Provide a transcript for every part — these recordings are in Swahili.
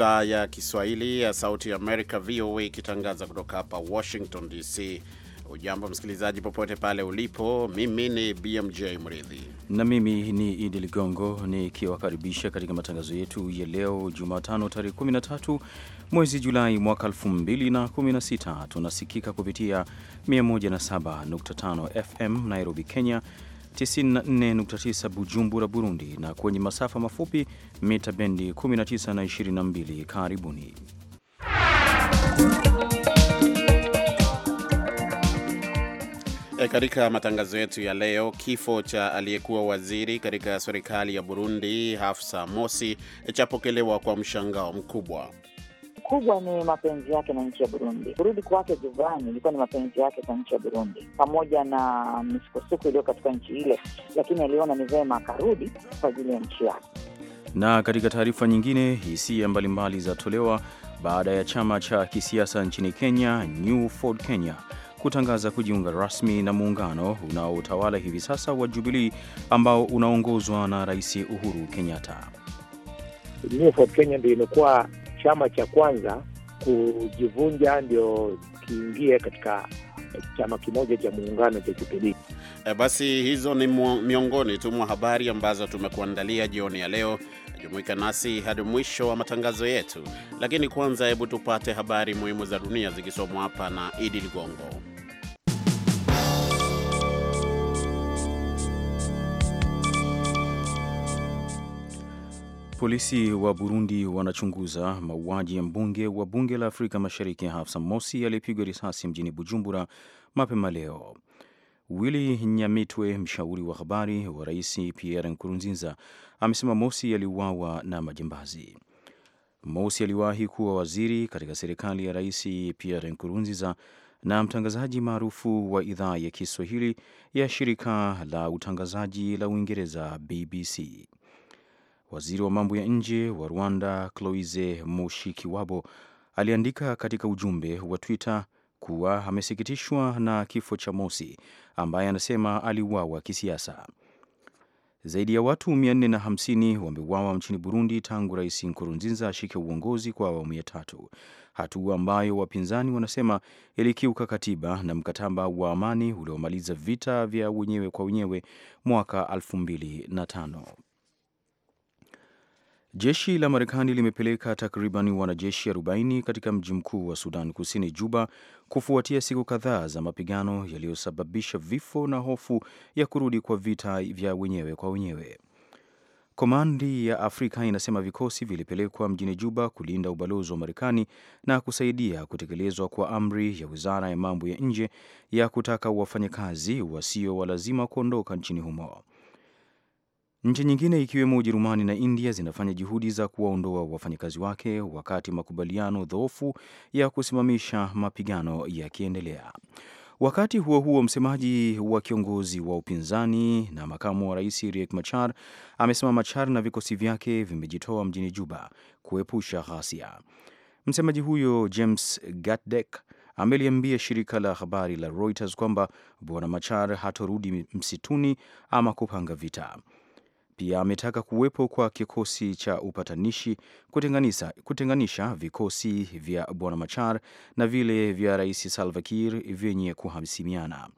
idhaa ya Kiswahili ya Sauti ya Amerika, VOA, ikitangaza kutoka hapa Washington DC. Ujambo msikilizaji, popote pale ulipo. Mimi ni BMJ Mridhi na mimi ni Idi Ligongo nikiwakaribisha katika matangazo yetu ya leo Jumatano tarehe 13 mwezi Julai mwaka 2016. Tunasikika kupitia 107.5 FM Nairobi, Kenya 94.9 Bujumbura, Burundi, na kwenye masafa mafupi mita bendi 19 na 22. Karibuni E, katika matangazo yetu ya leo, kifo cha aliyekuwa waziri katika serikali ya Burundi Hafsa Mosi chapokelewa kwa mshangao mkubwa kubwa ni mapenzi yake na nchi ya Burundi. Kurudi kwake Juvani ilikuwa ni mapenzi yake kwa nchi ya Burundi, pamoja na misukosuko iliyo katika nchi ile, lakini aliona ni vema akarudi kwa ajili ya nchi yake. Na katika taarifa nyingine, hisia mbalimbali zatolewa baada ya chama cha kisiasa nchini Kenya New Ford Kenya kutangaza kujiunga rasmi na muungano unaotawala hivi sasa wa jubilii ambao unaongozwa na Rais Uhuru Kenyatta. New Ford Kenya ndio imekuwa chama cha kwanza kujivunja ndio kiingie katika eh, chama kimoja cha muungano cha Jubilee. E, eh, basi hizo ni miongoni tu mwa habari ambazo tumekuandalia jioni ya leo. Jumuika nasi hadi mwisho wa matangazo yetu, lakini kwanza, hebu tupate habari muhimu za dunia zikisomwa hapa na Idi Ligongo. Polisi wa Burundi wanachunguza mauaji ya mbunge wa bunge la Afrika Mashariki Hafsa Mosi aliyepigwa risasi mjini Bujumbura mapema leo. Willy Nyamitwe, mshauri wa habari wa Rais Pierre Nkurunziza, amesema Mosi aliuawa na majambazi. Mosi aliwahi kuwa waziri katika serikali ya Rais Pierre Nkurunziza na mtangazaji maarufu wa idhaa ya Kiswahili ya shirika la utangazaji la Uingereza BBC. Waziri wa mambo ya nje wa Rwanda Cloise Mushikiwabo aliandika katika ujumbe wa Twitter kuwa amesikitishwa na kifo cha Mosi ambaye anasema aliuawa kisiasa. Zaidi ya watu 450 wameuawa nchini Burundi tangu Rais Nkurunziza ashike uongozi kwa awamu ya tatu, hatua ambayo wapinzani wanasema ilikiuka katiba na mkataba wa amani uliomaliza vita vya wenyewe kwa wenyewe mwaka 2005. Jeshi la Marekani limepeleka takriban wanajeshi 40 katika mji mkuu wa Sudan Kusini, Juba, kufuatia siku kadhaa za mapigano yaliyosababisha vifo na hofu ya kurudi kwa vita vya wenyewe kwa wenyewe. Komandi ya Afrika inasema vikosi vilipelekwa mjini Juba kulinda ubalozi wa Marekani na kusaidia kutekelezwa kwa amri ya Wizara ya Mambo ya Nje ya kutaka wafanyakazi wasio wa lazima kuondoka nchini humo. Nchi nyingine ikiwemo Ujerumani na India zinafanya juhudi za kuwaondoa wafanyakazi wake wakati makubaliano dhoofu ya kusimamisha mapigano yakiendelea. Wakati huo huo, msemaji wa kiongozi wa upinzani na makamu wa rais Riek Machar amesema Machar na vikosi vyake vimejitoa mjini Juba kuepusha ghasia. Msemaji huyo James Gatdek ameliambia shirika la habari la Reuters kwamba bwana Machar hatorudi msituni ama kupanga vita. Pia ametaka kuwepo kwa kikosi cha upatanishi kutenganisha, kutenganisha vikosi vya Bwana Machar na vile vya Rais Salva Kiir vyenye kuhasimiana.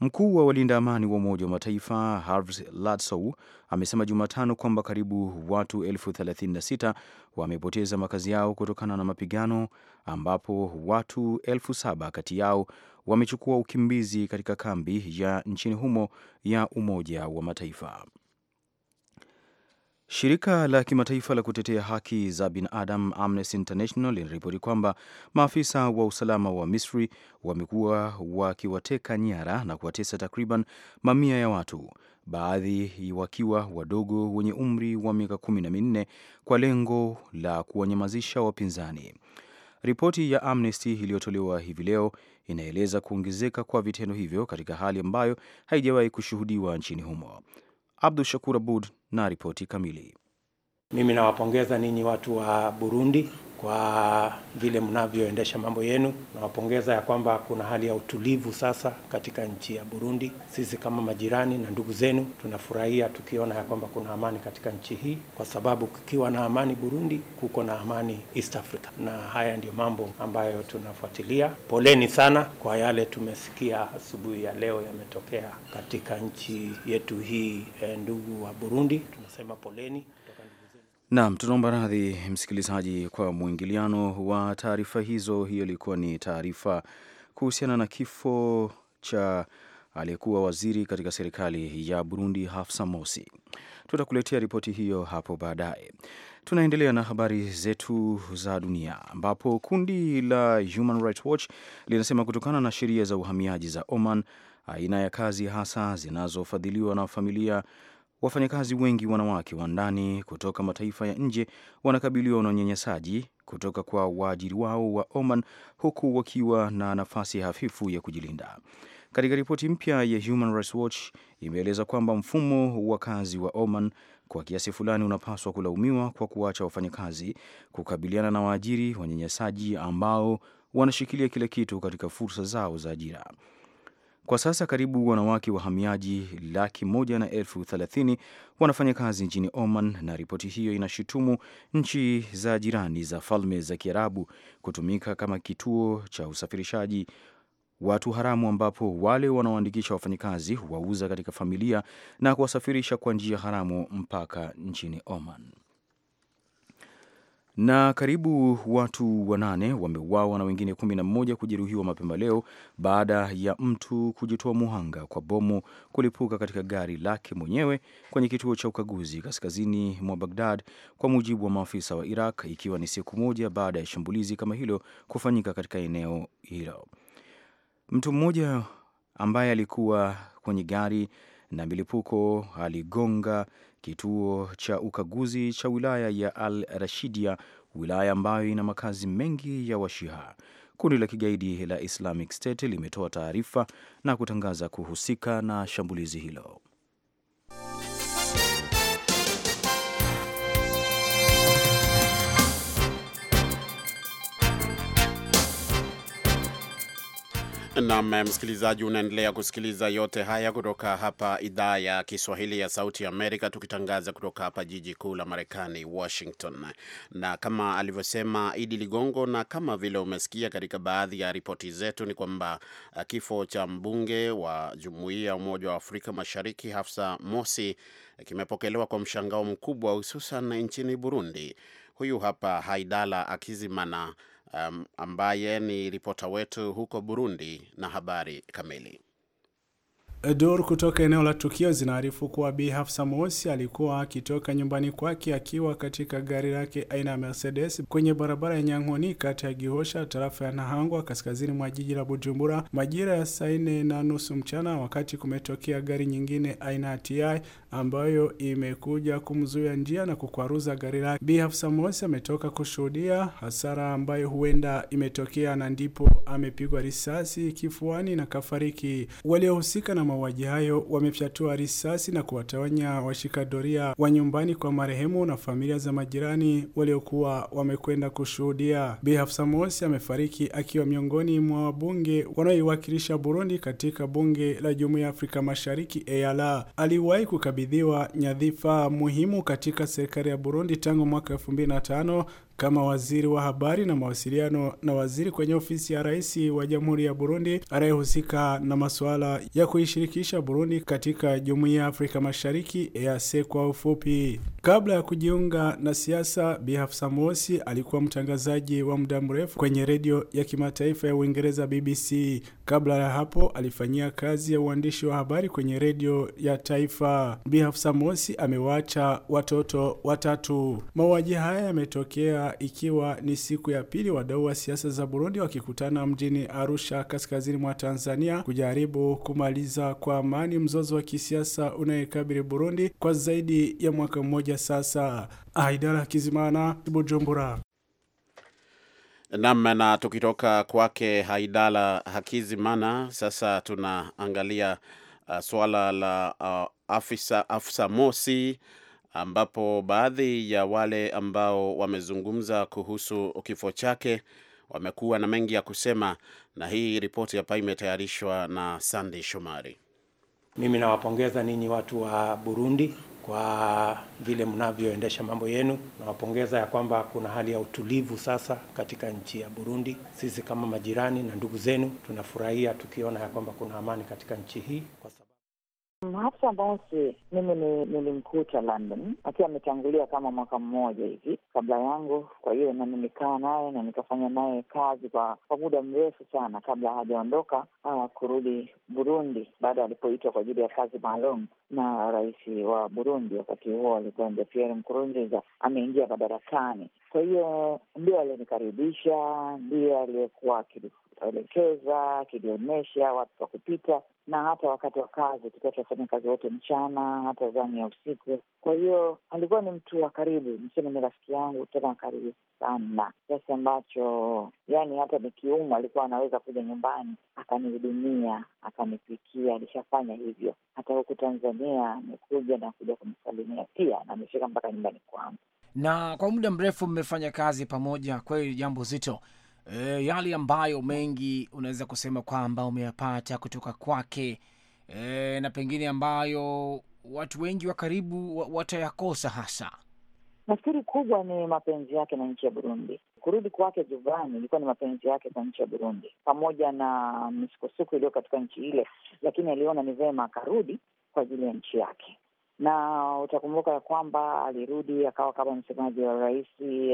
Mkuu wa walinda amani wa Umoja wa Mataifa Herve Ladsou amesema Jumatano kwamba karibu watu elfu 36 wamepoteza makazi yao kutokana na mapigano ambapo watu elfu 7 kati yao wamechukua ukimbizi katika kambi ya nchini humo ya Umoja wa Mataifa. Shirika la kimataifa la kutetea haki za binadamu Amnesty International linaripoti kwamba maafisa wa usalama wa Misri wamekuwa wakiwateka nyara na kuwatesa takriban mamia ya watu, baadhi wakiwa wadogo wenye umri wa miaka kumi na minne kwa lengo la kuwanyamazisha wapinzani. Ripoti ya Amnesty iliyotolewa hivi leo inaeleza kuongezeka kwa vitendo hivyo katika hali ambayo haijawahi kushuhudiwa nchini humo. Abdu Shakur Abud na ripoti kamili. Mimi nawapongeza ninyi watu wa Burundi kwa vile mnavyoendesha mambo yenu. Nawapongeza ya kwamba kuna hali ya utulivu sasa katika nchi ya Burundi. Sisi kama majirani na ndugu zenu tunafurahia tukiona ya kwamba kuna amani katika nchi hii, kwa sababu kukiwa na amani Burundi, kuko na amani East Africa, na haya ndiyo mambo ambayo tunafuatilia. Poleni sana kwa yale tumesikia asubuhi ya leo yametokea katika nchi yetu hii, eh, ndugu wa Burundi, tunasema poleni. Naam, tunaomba radhi msikilizaji kwa mwingiliano wa taarifa hizo. Hiyo ilikuwa ni taarifa kuhusiana na kifo cha aliyekuwa waziri katika serikali ya Burundi Hafsa Mosi. Tutakuletea ripoti hiyo hapo baadaye. Tunaendelea na habari zetu za dunia, ambapo kundi la Human Rights Watch linasema kutokana na sheria za uhamiaji za Oman, aina ya kazi hasa zinazofadhiliwa na familia Wafanyakazi wengi wanawake wa ndani kutoka mataifa ya nje wanakabiliwa na unyanyasaji kutoka kwa waajiri wao wa Oman huku wakiwa na nafasi hafifu ya kujilinda. Katika ripoti mpya ya Human Rights Watch imeeleza kwamba mfumo wa kazi wa Oman kwa kiasi fulani unapaswa kulaumiwa kwa kuacha wafanyakazi kukabiliana na waajiri wanyanyasaji ambao wanashikilia kila kitu katika fursa zao za ajira. Kwa sasa karibu wanawake wahamiaji laki moja na elfu thelathini wanafanya kazi nchini Oman, na ripoti hiyo inashutumu nchi za jirani za Falme za Kiarabu kutumika kama kituo cha usafirishaji watu haramu ambapo wale wanaoandikisha wafanyakazi huwauza katika familia na kuwasafirisha kwa njia haramu mpaka nchini Oman. Na karibu watu wanane wameuawa na wengine kumi na mmoja kujeruhiwa mapema leo baada ya mtu kujitoa muhanga kwa bomu kulipuka katika gari lake mwenyewe kwenye kituo cha ukaguzi kaskazini mwa Bagdad, kwa mujibu wa maafisa wa Iraq, ikiwa ni siku moja baada ya shambulizi kama hilo kufanyika katika eneo hilo. Mtu mmoja ambaye alikuwa kwenye gari na milipuko aligonga Kituo cha ukaguzi cha wilaya ya Al Rashidia, wilaya ambayo ina makazi mengi ya Washiha. Kundi la kigaidi la Islamic State limetoa taarifa na kutangaza kuhusika na shambulizi hilo. Nam eh, msikilizaji, unaendelea kusikiliza yote haya kutoka hapa idhaa ya Kiswahili ya Sauti Amerika, tukitangaza kutoka hapa jiji kuu la Marekani, Washington. Na kama alivyosema Idi Ligongo, na kama vile umesikia katika baadhi ya ripoti zetu, ni kwamba eh, kifo cha mbunge wa Jumuiya ya Umoja wa Afrika Mashariki Hafsa Mosi eh, kimepokelewa kwa mshangao mkubwa, hususan nchini Burundi. Huyu hapa Haidala Akizimana um, ambaye ni ripota wetu huko Burundi na habari kamili. Duru kutoka eneo la tukio zinaarifu kuwa Bi Hafsa Mosi alikuwa akitoka nyumbani kwake akiwa katika gari lake aina ya Mercedes kwenye barabara ya nyangoni kati ya Gihosha tarafa ya Nahangwa kaskazini mwa jiji la Bujumbura majira ya saa nne na nusu mchana, wakati kumetokea gari nyingine aina ya TI ambayo imekuja kumzuia njia na kukwaruza gari lake. Bi Hafsa Mosi ametoka kushuhudia hasara ambayo huenda imetokea na ndipo amepigwa risasi kifuani na kafariki. Waliohusika na mauaji hayo wamefyatua risasi na kuwatawanya washika doria wa nyumbani kwa marehemu na familia za majirani waliokuwa wamekwenda kushuhudia. Bi Hafsa Mosi amefariki akiwa miongoni mwa wabunge wanaoiwakilisha Burundi katika bunge la Jumuiya ya Afrika Mashariki EALA. Aliwahi kukabidhiwa nyadhifa muhimu katika serikali ya Burundi tangu mwaka tano kama waziri wa habari na mawasiliano na waziri kwenye ofisi ya rais wa Jamhuri ya Burundi anayehusika na masuala ya kuishirikisha Burundi katika Jumuiya ya Afrika Mashariki EAC kwa ufupi. Kabla ya kujiunga na siasa, Bi Hafsa Mosi alikuwa mtangazaji wa muda mrefu kwenye redio ya kimataifa ya Uingereza BBC. Kabla ya hapo, alifanyia kazi ya uandishi wa habari kwenye redio ya taifa. Bi Hafsa Mosi amewaacha watoto watatu. Mauaji haya yametokea ikiwa ni siku ya pili, wadau wa siasa za Burundi wakikutana mjini Arusha kaskazini mwa Tanzania kujaribu kumaliza kwa amani mzozo wa kisiasa unayekabili Burundi kwa zaidi ya mwaka mmoja sasa. Aidara Kizimana, Bujumbura. Naam, na tukitoka kwake Haidala Hakizimana, sasa tunaangalia uh, suala la uh, afisa afisa Mosi ambapo baadhi ya wale ambao wamezungumza kuhusu kifo chake wamekuwa na mengi ya kusema, na hii ripoti hapa imetayarishwa na sandey Shomari. Mimi nawapongeza ninyi watu wa Burundi kwa vile mnavyoendesha mambo yenu. Nawapongeza ya kwamba kuna hali ya utulivu sasa katika nchi ya Burundi. Sisi kama majirani na ndugu zenu tunafurahia tukiona ya kwamba kuna amani katika nchi hii kwa sababu Hafsa Bosi mimi nilimkuta London akiwa ametangulia kama mwaka mmoja hivi kabla yangu, kwa hiyo na nimekaa naye na nikafanya naye kazi kwa kwa muda mrefu sana kabla hajaondoka ah, kurudi Burundi, baada alipoitwa kwa ajili ya kazi maalum na rais wa Burundi wakati huo alikuwa ndio Pierre Nkurunziza ameingia madarakani. Kwa hiyo ndio alinikaribisha, ndiye aliyekuwa tulielekeza, tulionyesha watu wa kupita, na hata wakati wa kazi tukiwa tunafanya kazi wote mchana, hata zani ya usiku. Kwa hiyo alikuwa ni mtu wa karibu, niseme ni rafiki yangu tena wa karibu sana, kiasi ambacho yani hata nikiumwa alikuwa anaweza kuja nyumbani akanihudumia, akanipikia. Alishafanya hivyo hata huku Tanzania, amekuja na kuja kumsalimia pia, na amefika mpaka nyumbani kwangu. Na kwa muda mrefu mmefanya kazi pamoja, kweli jambo zito e, yale ambayo mengi unaweza kusema kwamba umeyapata kutoka kwake e, na pengine ambayo watu wengi wa karibu watayakosa hasa Nafikiri kubwa ni mapenzi yake na nchi ya Burundi. Kurudi kwake Juvani ilikuwa ni mapenzi yake kwa nchi ya Burundi, pamoja na misukosuko iliyo katika nchi ile, lakini aliona ni vema akarudi kwa ajili ya nchi yake na utakumbuka ya kwamba alirudi akawa kama msemaji wa rais,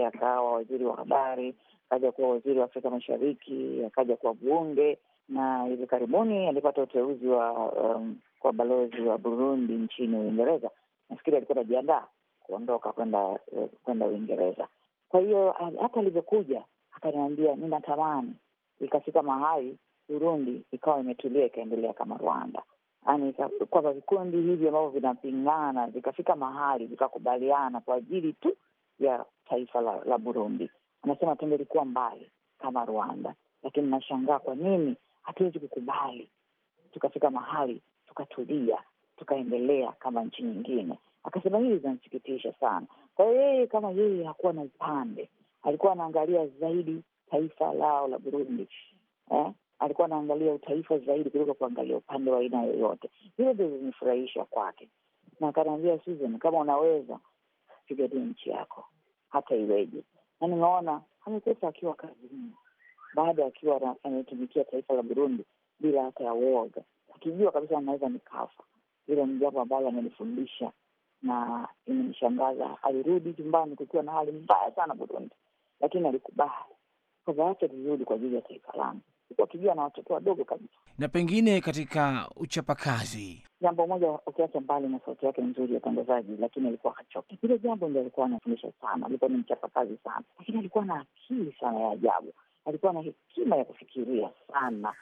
akawa waziri wa habari, akaja kuwa waziri wa Afrika Mashariki, akaja kuwa bunge, na hivi karibuni alipata uteuzi wa um, kwa balozi wa Burundi nchini Uingereza. Nafikiri alikuwa anajiandaa kuondoka kwenda eh, kwenda Uingereza. Kwa hiyo hata alivyokuja akaniambia, ninatamani ikafika mahali Burundi ikawa imetulia ikaendelea kama Rwanda yani kwamba vikundi hivi ambavyo vinapingana vikafika mahali vikakubaliana kwa ajili tu ya taifa la, la Burundi. Anasema tungelikuwa mbali kama Rwanda, lakini nashangaa kwa nini hatuwezi kukubali tukafika mahali tukatulia tukaendelea kama nchi nyingine. Akasema hili zinasikitisha sana. Kwa hiyo yeye kama yeye hakuwa na upande, alikuwa anaangalia zaidi taifa lao la Burundi eh? alikuwa anaangalia utaifa zaidi kuliko kuangalia upande wa aina yoyote. hilo ndio zimefurahisha kwake, na akaniambia Susan, kama unaweza pigania nchi yako hata iweje. Na nimeona amepesa akiwa kazini, baada akiwa anatumikia taifa la Burundi bila hata ya uoga, akijua kabisa anaweza nikafa. Hilo ni jambo ambalo amenifundisha na imenishangaza. Alirudi nyumbani kukiwa na hali mbaya sana Burundi, lakini alikubali kwamba acha turudi kwa ajili ya taifa langu wakijiwa na watoto wadogo kabisa. Na pengine katika uchapakazi, jambo moja ukiacha mbali na sauti yake nzuri ya utangazaji, lakini alikuwa hachoki. Hilo jambo ndio alikuwa anafundisha sana, alikuwa ni mchapakazi sana, lakini alikuwa na akili sana ya ajabu, alikuwa na hekima ya kufikiria sana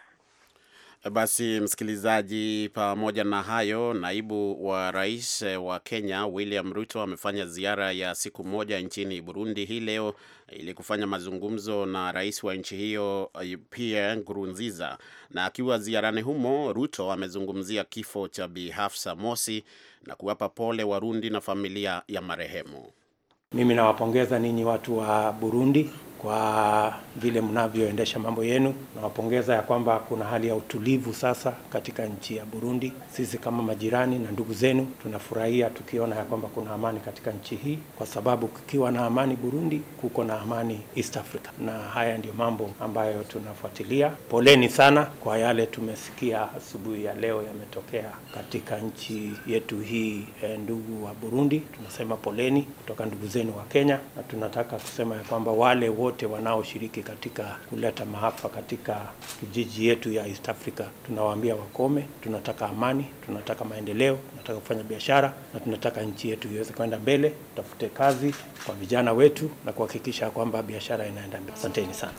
basi msikilizaji, pamoja na hayo, naibu wa rais eh, wa Kenya William Ruto amefanya ziara ya siku moja nchini Burundi hii leo eh, ili kufanya mazungumzo na rais wa nchi hiyo eh, Pierre Nkurunziza. Na akiwa ziarani humo, Ruto amezungumzia kifo cha Bi Hafsa Mosi na kuwapa pole Warundi na familia ya marehemu. Mimi nawapongeza ninyi watu wa Burundi kwa vile mnavyoendesha mambo yenu. Nawapongeza ya kwamba kuna hali ya utulivu sasa katika nchi ya Burundi. Sisi kama majirani na ndugu zenu tunafurahia tukiona ya kwamba kuna amani katika nchi hii, kwa sababu kukiwa na amani Burundi, kuko na amani East Africa, na haya ndiyo mambo ambayo tunafuatilia. Poleni sana kwa yale tumesikia asubuhi ya leo yametokea katika nchi yetu hii. E, ndugu wa Burundi, tunasema poleni kutoka ndugu zenu wa Kenya, na tunataka kusema ya kwamba wale wote wote wanaoshiriki katika kuleta maafa katika kijiji yetu ya East Africa. Tunawaambia wakome, tunataka amani, tunataka maendeleo, tunataka kufanya biashara na tunataka nchi yetu iweze kwenda mbele, tafute kazi kwa vijana wetu na kuhakikisha kwamba biashara inaenda mbele. Asanteni sana.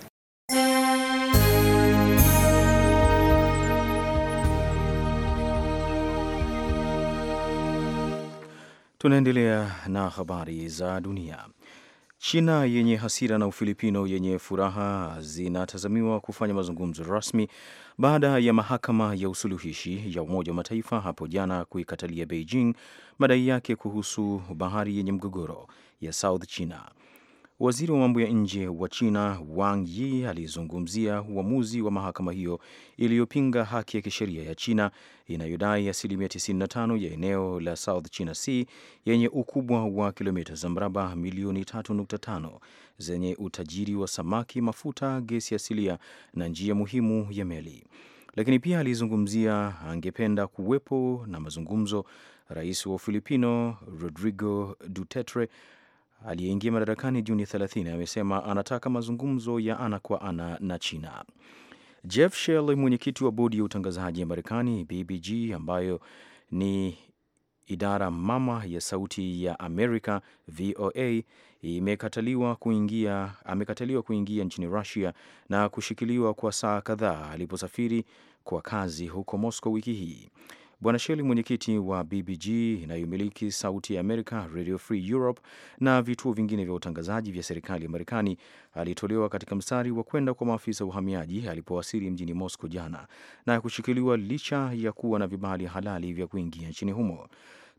Tunaendelea na habari za dunia. China yenye hasira na Ufilipino yenye furaha zinatazamiwa kufanya mazungumzo rasmi baada ya mahakama ya usuluhishi ya Umoja wa Mataifa hapo jana kuikatalia Beijing madai yake kuhusu bahari yenye mgogoro ya South China. Waziri wa mambo ya nje wa China Wang Yi alizungumzia uamuzi wa mahakama hiyo iliyopinga haki ya kisheria ya China inayodai asilimia 95 ya eneo la South China Sea yenye ukubwa wa kilomita za mraba milioni 3.5 zenye utajiri wa samaki, mafuta, gesi asilia na njia muhimu ya meli. Lakini pia alizungumzia angependa kuwepo na mazungumzo rais wa Ufilipino Rodrigo Duterte aliyeingia madarakani Juni 30 amesema anataka mazungumzo ya ana kwa ana na China. Jeff Shell, mwenyekiti wa bodi ya utangazaji ya Marekani, BBG, ambayo ni idara mama ya Sauti ya Amerika, VOA, imekataliwa kuingia, amekataliwa kuingia nchini Russia na kushikiliwa kwa saa kadhaa aliposafiri kwa kazi huko Moscow wiki hii. Bwana Sheli, mwenyekiti wa BBG inayomiliki Sauti ya Amerika, Radio Free Europe na vituo vingine vya utangazaji vya serikali ya Marekani, alitolewa katika mstari wa kwenda kwa maafisa wa uhamiaji alipowasili mjini Moscow jana na kushikiliwa licha ya kuwa na vibali halali vya kuingia nchini humo.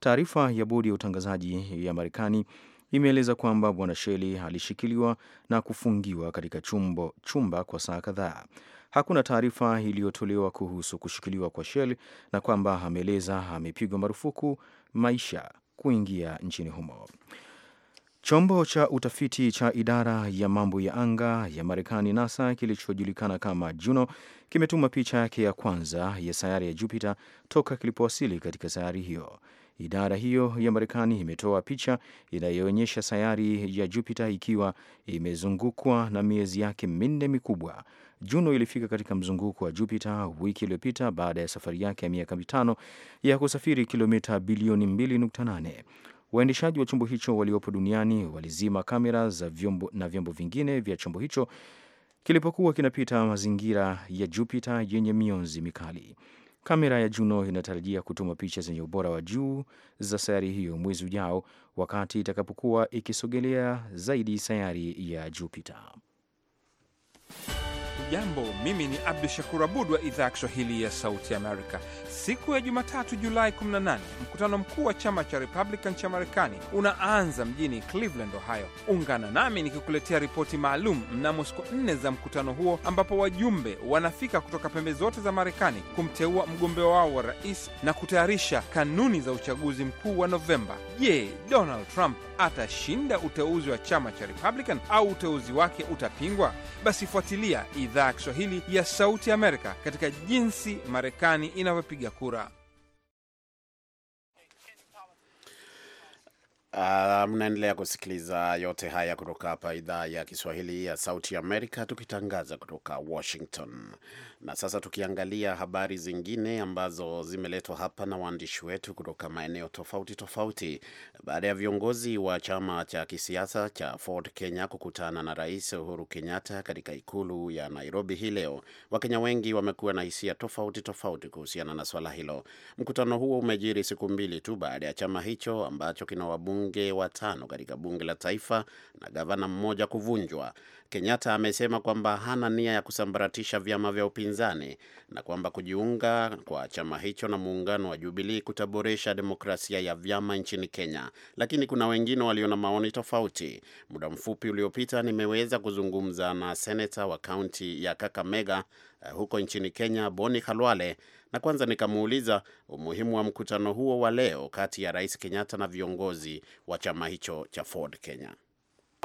Taarifa ya bodi ya utangazaji ya Marekani imeeleza kwamba Bwana Sheli alishikiliwa na kufungiwa katika chumbo, chumba kwa saa kadhaa. Hakuna taarifa iliyotolewa kuhusu kushikiliwa kwa Shell na kwamba ameeleza amepigwa marufuku maisha kuingia nchini humo. Chombo cha utafiti cha idara ya mambo ya anga ya Marekani, NASA, kilichojulikana kama Juno kimetuma picha yake ya kwanza ya sayari ya Jupiter toka kilipowasili katika sayari hiyo. Idara hiyo ya Marekani imetoa picha inayoonyesha sayari ya Jupiter ikiwa imezungukwa na miezi yake minne mikubwa Juno ilifika katika mzunguko wa Jupiter wiki iliyopita baada ya safari yake ya miaka mitano ya kusafiri kilomita bilioni 2.8. Waendeshaji wa chombo hicho waliopo duniani walizima kamera za vyombo na vyombo vingine vya chombo hicho kilipokuwa kinapita mazingira ya Jupita yenye mionzi mikali. Kamera ya Juno inatarajia kutuma picha zenye ubora wa juu za sayari hiyo mwezi ujao, wakati itakapokuwa ikisogelea zaidi sayari ya Jupita. Jambo, mimi ni Abdu Shakur Abud wa idhaa ya Kiswahili ya Sauti Amerika. Siku ya Jumatatu, Julai 18, mkutano mkuu wa chama cha Republican cha Marekani unaanza mjini Cleveland, Ohio. Ungana nami nikikuletea ripoti maalum mnamo siku nne za mkutano huo, ambapo wajumbe wanafika kutoka pembe zote za Marekani kumteua mgombea wao wa rais na kutayarisha kanuni za uchaguzi mkuu wa Novemba. Je, Donald Trump atashinda uteuzi wa chama cha Republican au uteuzi wake utapingwa? Basi fuatilia idhaa ya Kiswahili ya Sauti Amerika katika jinsi Marekani inavyopiga kura. Uh, mnaendelea kusikiliza yote haya kutoka hapa idhaa ya Kiswahili ya Sauti Amerika tukitangaza kutoka Washington. Na sasa tukiangalia habari zingine ambazo zimeletwa hapa na waandishi wetu kutoka maeneo tofauti tofauti. Baada ya viongozi wa chama cha kisiasa cha Ford Kenya kukutana na Rais Uhuru Kenyatta katika ikulu ya Nairobi hii leo, Wakenya wengi wamekuwa na hisia tofauti tofauti kuhusiana na swala hilo. Mkutano huo umejiri siku mbili tu baada ya chama hicho ambacho kina wabunge wabunge watano katika bunge la taifa na gavana mmoja kuvunjwa. Kenyatta amesema kwamba hana nia ya kusambaratisha vyama vya upinzani na kwamba kujiunga kwa chama hicho na muungano wa Jubilii kutaboresha demokrasia ya vyama nchini Kenya, lakini kuna wengine walio na maoni tofauti. Muda mfupi uliopita nimeweza kuzungumza na seneta wa kaunti ya Kakamega eh, huko nchini Kenya, Boni Khalwale na kwanza nikamuuliza umuhimu wa mkutano huo wa leo kati ya Rais Kenyatta na viongozi wa chama hicho cha Ford Kenya.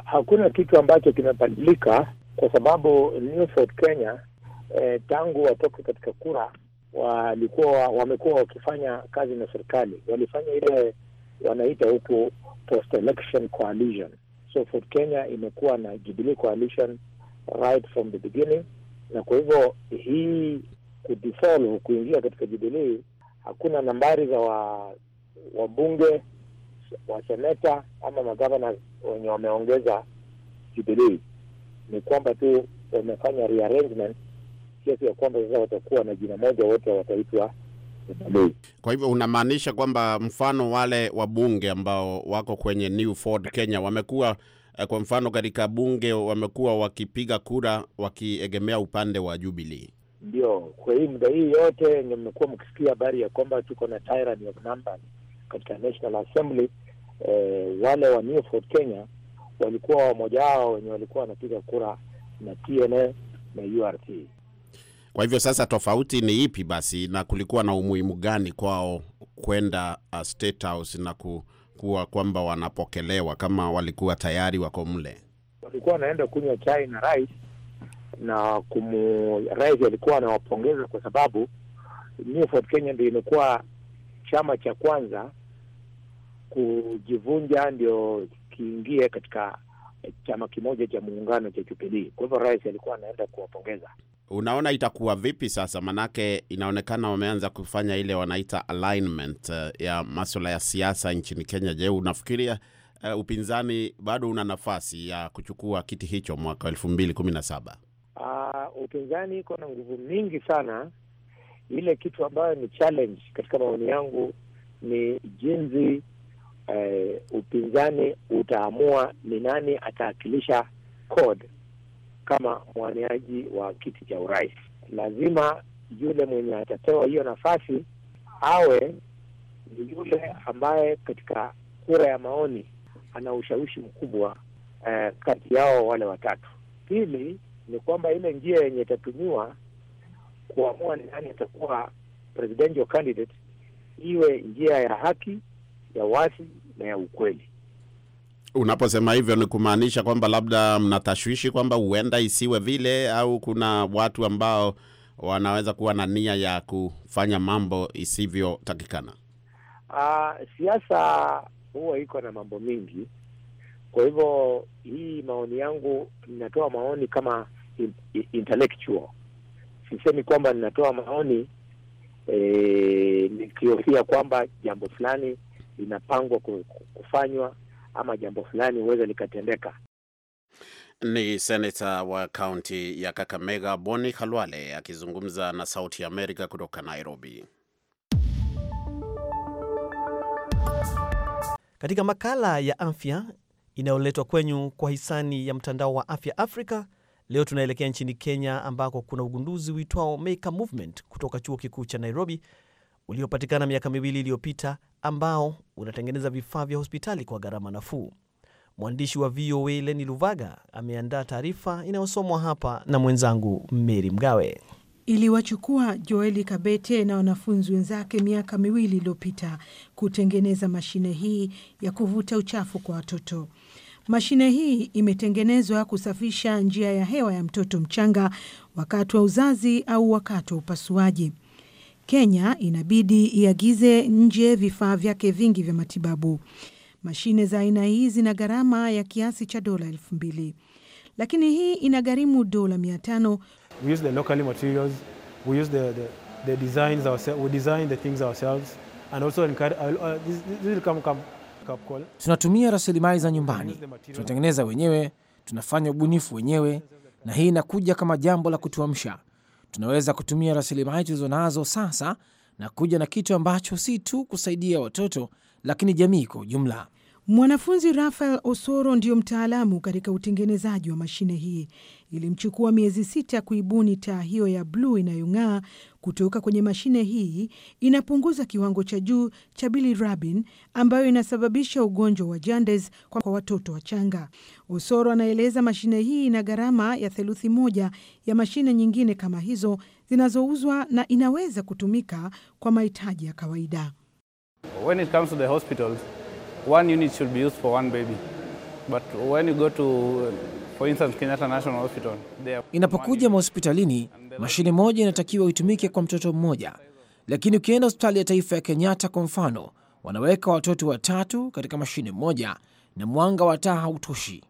Hakuna kitu ambacho kimebadilika kwa sababu New Ford Kenya eh, tangu watoke katika kura walikuwa wamekuwa wakifanya kazi na serikali. Walifanya ile wanaita huku post election coalition. So Ford Kenya imekuwa na Jubilee coalition right from the beginning, na kwa hivyo hii kudisolve kuingia katika Jubilii. Hakuna nambari za wa wabunge seneta ama magavana wenye wameongeza Jubilii, ni kwamba tu wamefanya rearrangement kiasi ya kwamba sasa watakuwa na jina moja, wote wataitwa Kwa hivyo unamaanisha kwamba mfano wale wabunge ambao wako kwenye New Ford Kenya wamekuwa eh, kwa mfano katika bunge wamekuwa wakipiga kura wakiegemea upande wa Jubilii. Ndio, kwa hii muda hii yote mmekuwa mkisikia habari ya kwamba tuko na tyranny of numbers katika National Assembly. Eh, wale wa New Kenya walikuwa wamoja wao wenye walikuwa wanapiga kura na TNA na URT. Kwa hivyo sasa tofauti ni ipi basi, na kulikuwa na umuhimu gani kwao kwenda uh, State House na ku, kuwa kwamba wanapokelewa kama walikuwa tayari wako mle? Walikuwa wanaenda kunywa chai na rais na kumu rais alikuwa anawapongeza kwa sababu New Ford Kenya ndio imekuwa chama cha kwanza kujivunja ndio kiingie katika chama kimoja cha muungano cha Jubilee. Kwa hivyo rais alikuwa anaenda kuwapongeza. Unaona itakuwa vipi sasa? Manake inaonekana wameanza kufanya ile wanaita alignment eh, ya maswala ya siasa nchini Kenya. Je, unafikiria uh, upinzani bado una nafasi ya kuchukua kiti hicho mwaka elfu mbili kumi na saba? upinzani iko na nguvu mingi sana. Ile kitu ambayo ni challenge katika maoni yangu ni jinsi eh, upinzani utaamua ni nani ataakilisha CORD kama mwaniaji wa kiti cha urais. Lazima yule mwenye atapewa hiyo nafasi awe ni yule ambaye katika kura ya maoni ana ushawishi mkubwa eh, kati yao wale watatu. Pili, ni kwamba ile njia yenye itatumiwa kuamua ni nani atakuwa presidential candidate iwe njia ya haki, ya wazi na ya ukweli. Unaposema hivyo ni kumaanisha kwamba labda mnatashwishi kwamba huenda isiwe vile, au kuna watu ambao wanaweza kuwa na nia ya kufanya mambo isivyotakikana? Uh, siasa huwa iko na mambo mingi kwa hivyo hii maoni yangu, ninatoa maoni kama intellectual. Sisemi kwamba ninatoa maoni e, eh, nikiofia kwamba jambo fulani linapangwa kufanywa ama jambo fulani huweza likatendeka. Ni seneta wa kaunti ya Kakamega Boni Khalwale akizungumza na Sauti ya Amerika kutoka Nairobi. Katika makala ya afya inayoletwa kwenyu kwa hisani ya mtandao wa afya Afrika. Leo tunaelekea nchini Kenya ambako kuna ugunduzi uitwao Maker Movement kutoka chuo kikuu cha Nairobi uliopatikana miaka miwili iliyopita, ambao unatengeneza vifaa vya hospitali kwa gharama nafuu. Mwandishi wa VOA Leni Luvaga ameandaa taarifa inayosomwa hapa na mwenzangu Meri Mgawe iliwachukua Joeli Kabete na wanafunzi wenzake miaka miwili iliyopita kutengeneza mashine hii ya kuvuta uchafu kwa watoto. Mashine hii imetengenezwa kusafisha njia ya hewa ya mtoto mchanga wakati wa uzazi au wakati wa upasuaji. Kenya inabidi iagize nje vifaa vyake vingi vya matibabu. Mashine za aina hii zina gharama ya kiasi cha dola elfu mbili, lakini hii inagharimu dola mia tano we use the locally materials, we use the, the, the designs ourselves, we design the things ourselves and also encourage, uh, uh, this, this will come, come, come call. tunatumia rasilimali za nyumbani, tunatengeneza wenyewe, tunafanya ubunifu wenyewe, na hii inakuja kama jambo la kutuamsha. Tunaweza kutumia rasilimali tulizo nazo sasa na kuja na kitu ambacho si tu kusaidia watoto, lakini jamii kwa ujumla. Mwanafunzi Rafael Osoro ndiyo mtaalamu katika utengenezaji wa mashine hii. Ilimchukua miezi sita kuibuni taa hiyo ya bluu inayong'aa kutoka kwenye mashine hii. Inapunguza kiwango cha juu cha bilirubin ambayo inasababisha ugonjwa wa jaundice kwa watoto wachanga. Osoro anaeleza mashine hii ina gharama ya theluthi moja ya mashine nyingine kama hizo zinazouzwa na inaweza kutumika kwa mahitaji ya kawaida. When it comes to the hospitals, one unit should be used for one baby. But when you go to, for instance, Kenyatta National Hospital, inapokuja mahospitalini, mashine moja inatakiwa itumike kwa mtoto mmoja, lakini ukienda hospitali ya taifa ya Kenyatta kwa mfano, wanaweka watoto watatu katika mashine moja na mwanga wa taa hautoshi.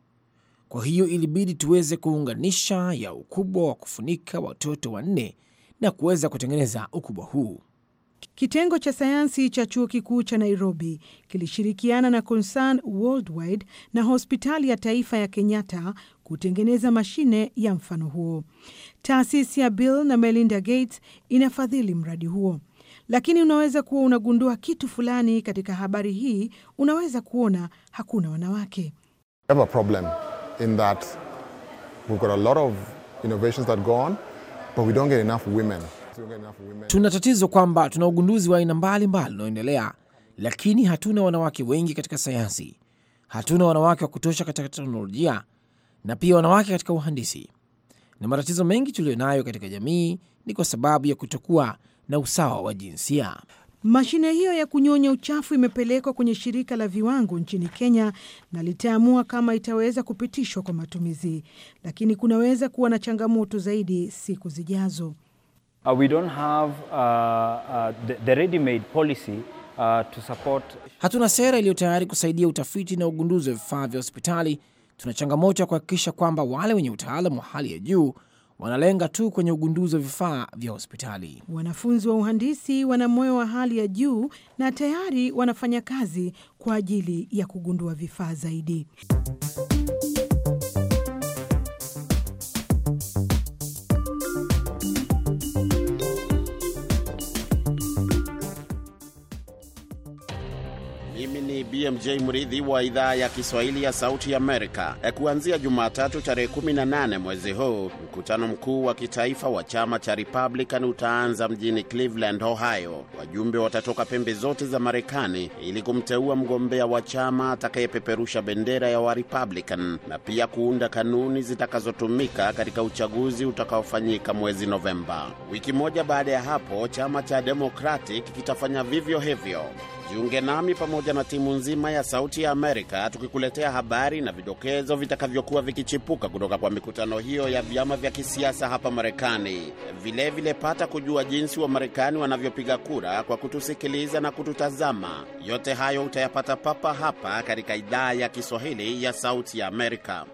Kwa hiyo ilibidi tuweze kuunganisha ya ukubwa wa kufunika watoto wanne na kuweza kutengeneza ukubwa huu. Kitengo cha sayansi cha chuo kikuu cha Nairobi kilishirikiana na Concern Worldwide na hospitali ya taifa ya Kenyatta kutengeneza mashine ya mfano huo. Taasisi ya Bill na Melinda Gates inafadhili mradi huo. Lakini unaweza kuwa unagundua kitu fulani katika habari hii. Unaweza kuona hakuna wanawake Tuna tatizo kwamba tuna ugunduzi wa aina mbalimbali unaoendelea, lakini hatuna wanawake wengi katika sayansi, hatuna wanawake wa kutosha katika teknolojia na pia wanawake katika uhandisi, na matatizo mengi tuliyo nayo katika jamii ni kwa sababu ya kutokuwa na usawa wa jinsia. Mashine hiyo ya kunyonya uchafu imepelekwa kwenye shirika la viwango nchini Kenya na litaamua kama itaweza kupitishwa kwa matumizi, lakini kunaweza kuwa na changamoto zaidi siku zijazo. Uh, we don't have uh, uh, the, the ready-made policy uh, to support. Hatuna sera iliyo tayari kusaidia utafiti na ugunduzi wa vifaa vya hospitali. Tuna changamoto ya kuhakikisha kwamba wale wenye utaalamu wa hali ya juu wanalenga tu kwenye ugunduzi wa vifaa vya hospitali. Wanafunzi wa uhandisi wana moyo wa hali ya juu na tayari wanafanya kazi kwa ajili ya kugundua vifaa zaidi. ni BMJ Mridhi wa idhaa ya Kiswahili ya Sauti ya Amerika. E, kuanzia Jumatatu tarehe 18 mwezi huu, mkutano mkuu wa kitaifa wa chama cha Republican utaanza mjini Cleveland, Ohio. Wajumbe watatoka pembe zote za Marekani ili kumteua mgombea wa chama atakayepeperusha bendera ya wa Republican na pia kuunda kanuni zitakazotumika katika uchaguzi utakaofanyika mwezi Novemba. Wiki moja baada ya hapo, chama cha Democratic kitafanya vivyo hivyo. Jiunge nami pamoja na timu nzima ya Sauti ya Amerika tukikuletea habari na vidokezo vitakavyokuwa vikichipuka kutoka kwa mikutano hiyo ya vyama vya kisiasa hapa Marekani. Vilevile pata kujua jinsi Wamarekani wanavyopiga kura kwa kutusikiliza na kututazama. Yote hayo utayapata papa hapa katika idhaa ya Kiswahili ya Sauti ya Amerika.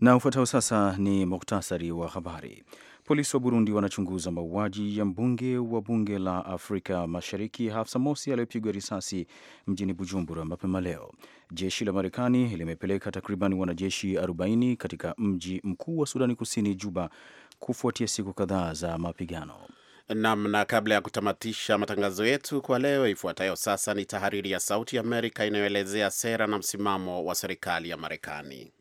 Na ufuatao sasa ni muktasari wa habari. Polisi wa Burundi wanachunguza mauaji ya mbunge wa bunge la Afrika Mashariki Hafsa Mosi aliyopigwa risasi mjini Bujumbura mapema leo. Jeshi la Marekani limepeleka takriban wanajeshi 40 katika mji mkuu wa Sudani Kusini, Juba, kufuatia siku kadhaa za mapigano. Nam, na kabla ya kutamatisha matangazo yetu kwa leo, ifuatayo sasa ni tahariri ya Sauti ya Amerika inayoelezea sera na msimamo wa serikali ya Marekani.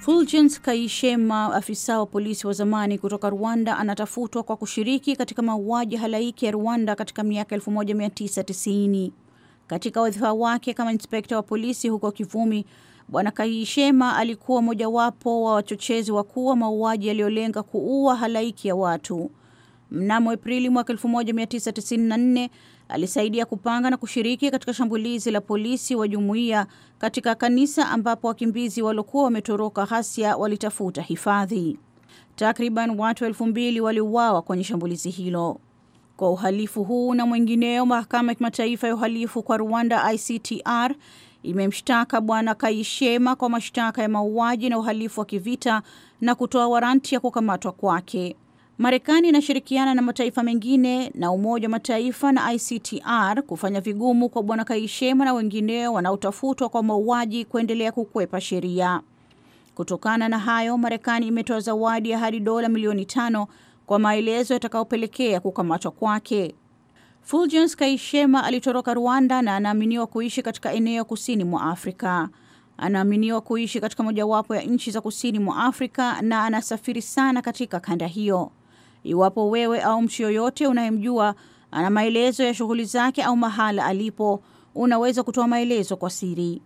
Fulgence Kayishema, afisa wa polisi wa zamani kutoka Rwanda, anatafutwa kwa kushiriki katika mauaji halaiki ya Rwanda katika miaka 1990. Katika wadhifa wake kama inspekta wa polisi huko Kivumi, Bwana Kayishema alikuwa mojawapo wa wachochezi wakuu wa mauaji yaliyolenga kuua halaiki ya watu. Mnamo Aprili mwaka 1994 alisaidia kupanga na kushiriki katika shambulizi la polisi wa jumuiya katika kanisa ambapo wakimbizi waliokuwa wametoroka ghasia walitafuta hifadhi. Takriban watu elfu mbili waliuawa kwenye shambulizi hilo. Kwa uhalifu huu na mwingineo, mahakama ya kimataifa ya uhalifu kwa Rwanda ICTR imemshtaka Bwana Kaishema kwa mashtaka ya mauaji na uhalifu wa kivita na kutoa waranti ya kukamatwa kwake. Marekani inashirikiana na mataifa mengine na Umoja wa Mataifa na ICTR kufanya vigumu kwa Bwana Kaishema na wengineo wanaotafutwa kwa mauaji kuendelea kukwepa sheria. Kutokana na hayo, Marekani imetoa zawadi ya hadi dola milioni tano kwa maelezo yatakayopelekea kukamatwa kwake. Fulgence Kaishema alitoroka Rwanda na anaaminiwa kuishi katika eneo kusini mwa Afrika. Anaaminiwa kuishi katika mojawapo ya nchi za kusini mwa Afrika na anasafiri sana katika kanda hiyo. Iwapo wewe au mtu yoyote unayemjua ana maelezo ya shughuli zake au mahala alipo, unaweza kutoa maelezo kwa siri.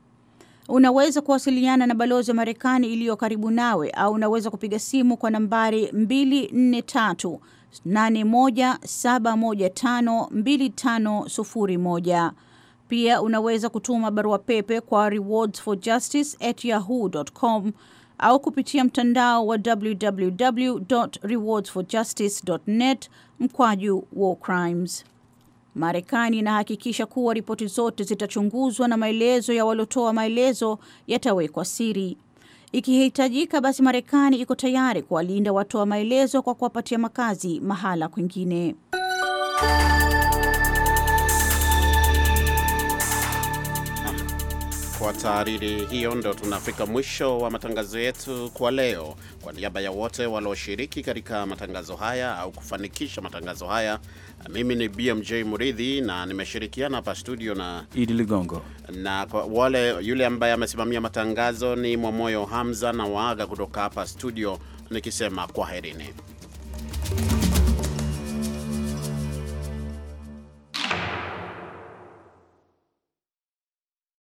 Unaweza kuwasiliana na balozi wa Marekani iliyo karibu nawe au unaweza kupiga simu kwa nambari 243 pia unaweza kutuma barua pepe kwa rewards for justice at yahoo.com au kupitia mtandao wa www.rewardsforjustice.net mkwaju war crimes. Marekani inahakikisha kuwa ripoti zote zitachunguzwa na maelezo ya waliotoa maelezo yatawekwa siri. Ikihitajika basi, Marekani iko tayari kuwalinda watoa maelezo kwa kuwapatia makazi mahala kwingine. kwa taariri hiyo ndo tunafika mwisho wa matangazo yetu kwa leo. Kwa niaba ya wote walioshiriki katika matangazo haya au kufanikisha matangazo haya, mimi ni BMJ Muridhi na nimeshirikiana hapa studio na Idi Ligongo, na kwa wale yule ambaye amesimamia matangazo ni Mwamoyo Hamza, na waaga kutoka hapa studio nikisema kwaherini.